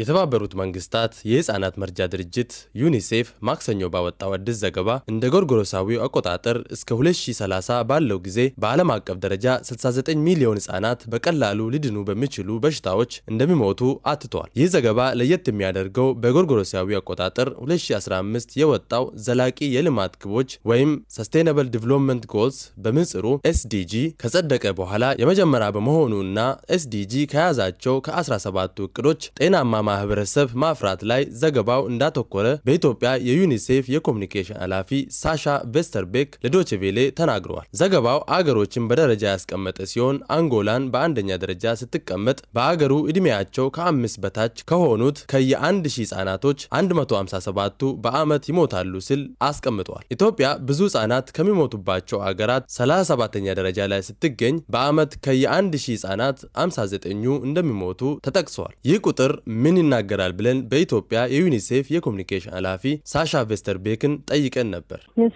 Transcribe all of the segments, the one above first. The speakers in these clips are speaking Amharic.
የተባበሩት መንግስታት የህፃናት መርጃ ድርጅት ዩኒሴፍ ማክሰኞ ባወጣው አዲስ ዘገባ እንደ ጎርጎሮሳዊው አቆጣጠር እስከ 2030 ባለው ጊዜ በዓለም አቀፍ ደረጃ 69 ሚሊዮን ህጻናት በቀላሉ ሊድኑ በሚችሉ በሽታዎች እንደሚሞቱ አትቷል። ይህ ዘገባ ለየት የሚያደርገው በጎርጎሮሳዊ አቆጣጠር 2015 የወጣው ዘላቂ የልማት ግቦች ወይም ሰስቴናብል ዲቨሎፕመንት ጎልስ በምጽሩ ኤስዲጂ ከጸደቀ በኋላ የመጀመሪያ በመሆኑና ኤስዲጂ ከያዛቸው ከ17ቱ እቅዶች ጤናማ ማህበረሰብ ማፍራት ላይ ዘገባው እንዳተኮረ በኢትዮጵያ የዩኒሴፍ የኮሚኒኬሽን ኃላፊ ሳሻ ቬስተርቤክ ለዶችቬሌ ተናግረዋል። ዘገባው አገሮችን በደረጃ ያስቀመጠ ሲሆን አንጎላን በአንደኛ ደረጃ ስትቀመጥ በአገሩ ዕድሜያቸው ከአምስት በታች ከሆኑት ከየ1000 ህጻናቶች 157ቱ በዓመት ይሞታሉ ሲል አስቀምጠዋል። ኢትዮጵያ ብዙ ህጻናት ከሚሞቱባቸው አገራት 37ኛ ደረጃ ላይ ስትገኝ በዓመት ከየ1000 ህጻናት 59ኙ እንደሚሞቱ ተጠቅሷል። ይህ ቁጥር ምን ይናገራል ብለን በኢትዮጵያ የዩኒሴፍ የኮሚኒኬሽን ኃላፊ ሳሻ ቬስተርቤክን ጠይቀን ነበር። um,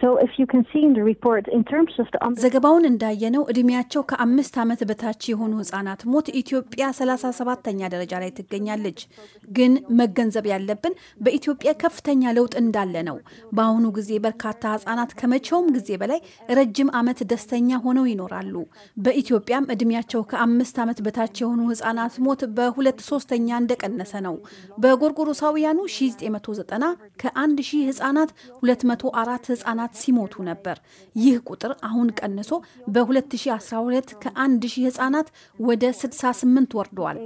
ዘገባውን እንዳየነው እድሜያቸው ከአምስት ዓመት በታች የሆኑ ህጻናት ሞት ኢትዮጵያ 37ተኛ ደረጃ ላይ ትገኛለች። ግን መገንዘብ ያለብን በኢትዮጵያ ከፍተኛ ለውጥ እንዳለ ነው። በአሁኑ ጊዜ በርካታ ህጻናት ከመቼውም ጊዜ በላይ ረጅም ዓመት ደስተኛ ሆነው ይኖራሉ። በኢትዮጵያም እድሜያቸው ከአምስት ዓመት በታች የሆኑ ህጻናት ሞት በሁለት ሶስተኛ እንደቀነሰ ነው። በጎርጎሮሳውያኑ 1990 ከ1000 ህጻናት 204 ህጻናት ሲሞቱ ነበር። ይህ ቁጥር አሁን ቀንሶ በ2012 ከ1000 ህጻናት ወደ 68 ወርደዋል።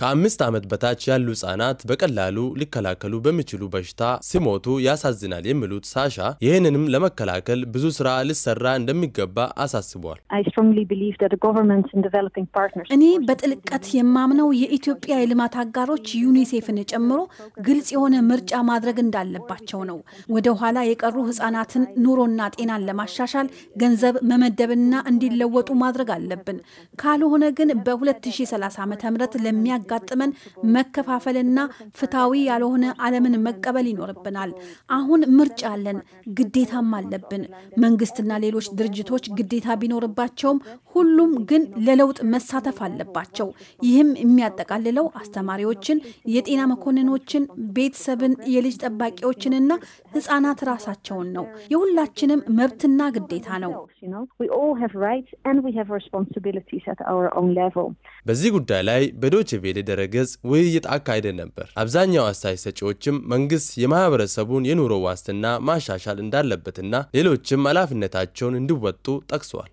ከአምስት ዓመት በታች ያሉ ህጻናት በቀላሉ ሊከላከሉ በሚችሉ በሽታ ሲሞቱ ያሳዝናል የሚሉት ሳሻ ይህንንም ለመከላከል ብዙ ስራ ሊሰራ እንደሚገባ አሳስቧል። እኔ በጥልቀት የማምነው የኢትዮጵያ የልማት አጋሮች ዩኒሴፍን ጨምሮ ግልጽ የሆነ ምርጫ ማድረግ እንዳለባቸው ነው። ወደ ኋላ የቀሩ ህጻናትን ኑሮና ጤናን ለማሻሻል ገንዘብ መመደብና እንዲለወጡ ማድረግ አለብን። ካልሆነ ካልሆነ ግን በ2030 ዓ ም ለሚያጋጥመን መከፋፈልና ፍትሐዊ ያልሆነ ዓለምን መቀበል ይኖርብናል። አሁን ምርጫ አለን፣ ግዴታም አለብን። መንግስትና ሌሎች ድርጅቶች ግዴታ ቢኖርባቸውም ሁሉም ግን ለለውጥ መሳተፍ አለባቸው። ይህም የሚያጠቃልለው አስተማሪዎችን፣ የጤና መኮንኖችን፣ ቤተሰብን፣ የልጅ ጠባቂዎችንና ህጻናት ራሳቸውን ነው። የሁላችንም መብትና ግዴታ ነው። በዚህ ጉዳይ ላይ በዶቼ ቬለ ድረገጽ ውይይት አካሄደ ነበር። አብዛኛው አስተያየት ሰጪዎችም መንግስት የማህበረሰቡን የኑሮ ዋስትና ማሻሻል እንዳለበትና ሌሎችም ኃላፊነታቸውን እንዲወጡ ጠቅሰዋል።